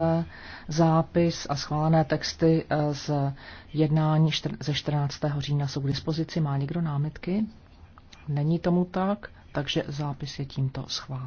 Eh, zápis a schválené texty eh, z jednání ze 14. října jsou k dispozici. Má někdo námitky? Není tomu tak, takže zápis je tímto schválen.